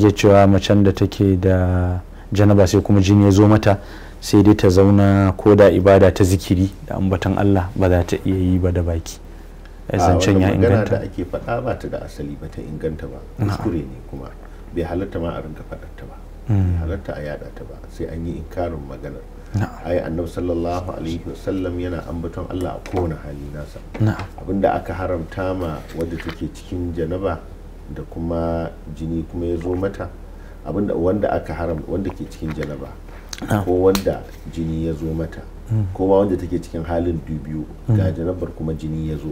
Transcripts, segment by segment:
take cewa macen da take da janaba sai kuma jini ya zo mata sai dai ta zauna ko da ibada ta zikiri da ambatan Allah ba za ta iya yi ba da baki zancen ya inganta da ake faɗa ba ta da asali ba ta inganta ba kuskure ne kuma bai halatta ma a rinka faɗar ta ba hmm. halatta a yada ta ba sai an yi inkarin maganar ai annabi sallallahu alaihi wasallam yana ambaton Allah a kowane hali nasa abinda aka haramta ma wadda take cikin janaba da kuma jini kuma ya zo mata abinda wanda aka haram wanda ke cikin janaba ko wanda jini ya zo mata mm. ko ma wanda take cikin halin dubiyu ga mm. janabar kuma jini ya zo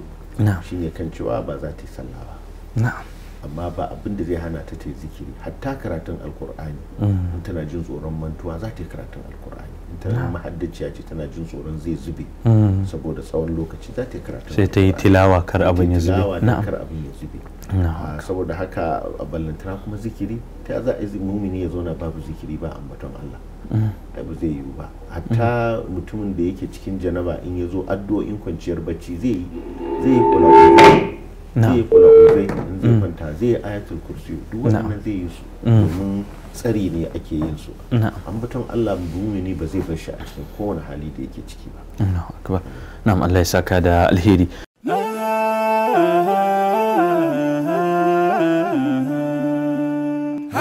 ne kan cewa ba za ta yi sallah ba amma ba abinda zai hana ta ta zikiri hatta karatun alkur'ani mm. in tana jin tsoron mantuwa za ta yi karatun alkur'ani in tana mahaddaciya ce tana jin tsoron zai zube saboda tsawon lokaci za ta yi karatun sai ta yi tilawa kar abin ya zube Ah, saboda haka a ballantana kuma zikiri ta za a yi mumini ya zauna babu zikiri ba ambaton Allah mm. ai ba zai yiwu ba hatta mm. mutumin da yake cikin janaba in ya zo addu'o'in kwanciyar bacci zai yi zai yi kula zai yi kula zai in mm. kwanta zai yi ayatul kursi duk wannan zai yi su domin tsari ne ake yin su ambaton Allah mumini ba zai bar shi a cikin kowane hali da yake ciki ba na'am Allah ya saka da alheri